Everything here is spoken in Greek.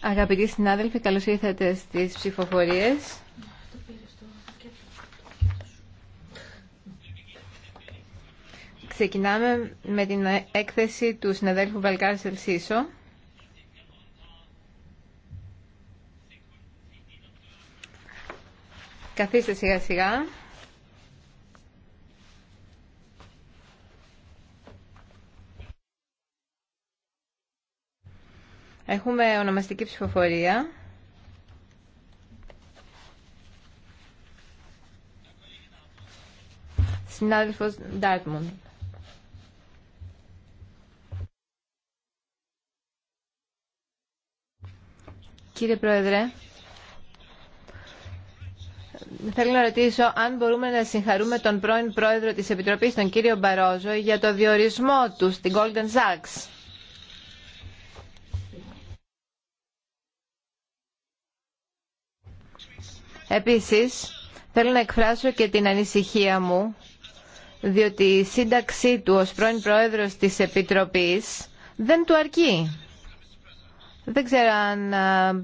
Αγαπητοί συνάδελφοι, καλώ ήρθατε στι ψηφοφορίε. Ξεκινάμε με την έκθεση του συναδέλφου Βαλκάρ Σελσίσο. Καθίστε σιγά σιγά. Έχουμε ονομαστική ψηφοφορία. Συνάδελφος Ντάρτμουντ. Κύριε Πρόεδρε, θέλω να ρωτήσω αν μπορούμε να συγχαρούμε τον πρώην Πρόεδρο της Επιτροπής, τον κύριο Μπαρόζο, για το διορισμό του στην Golden Sachs. Επίσης, θέλω να εκφράσω και την ανησυχία μου, διότι η σύνταξή του ως πρώην πρόεδρος της Επιτροπής δεν του αρκεί. Δεν ξέρω αν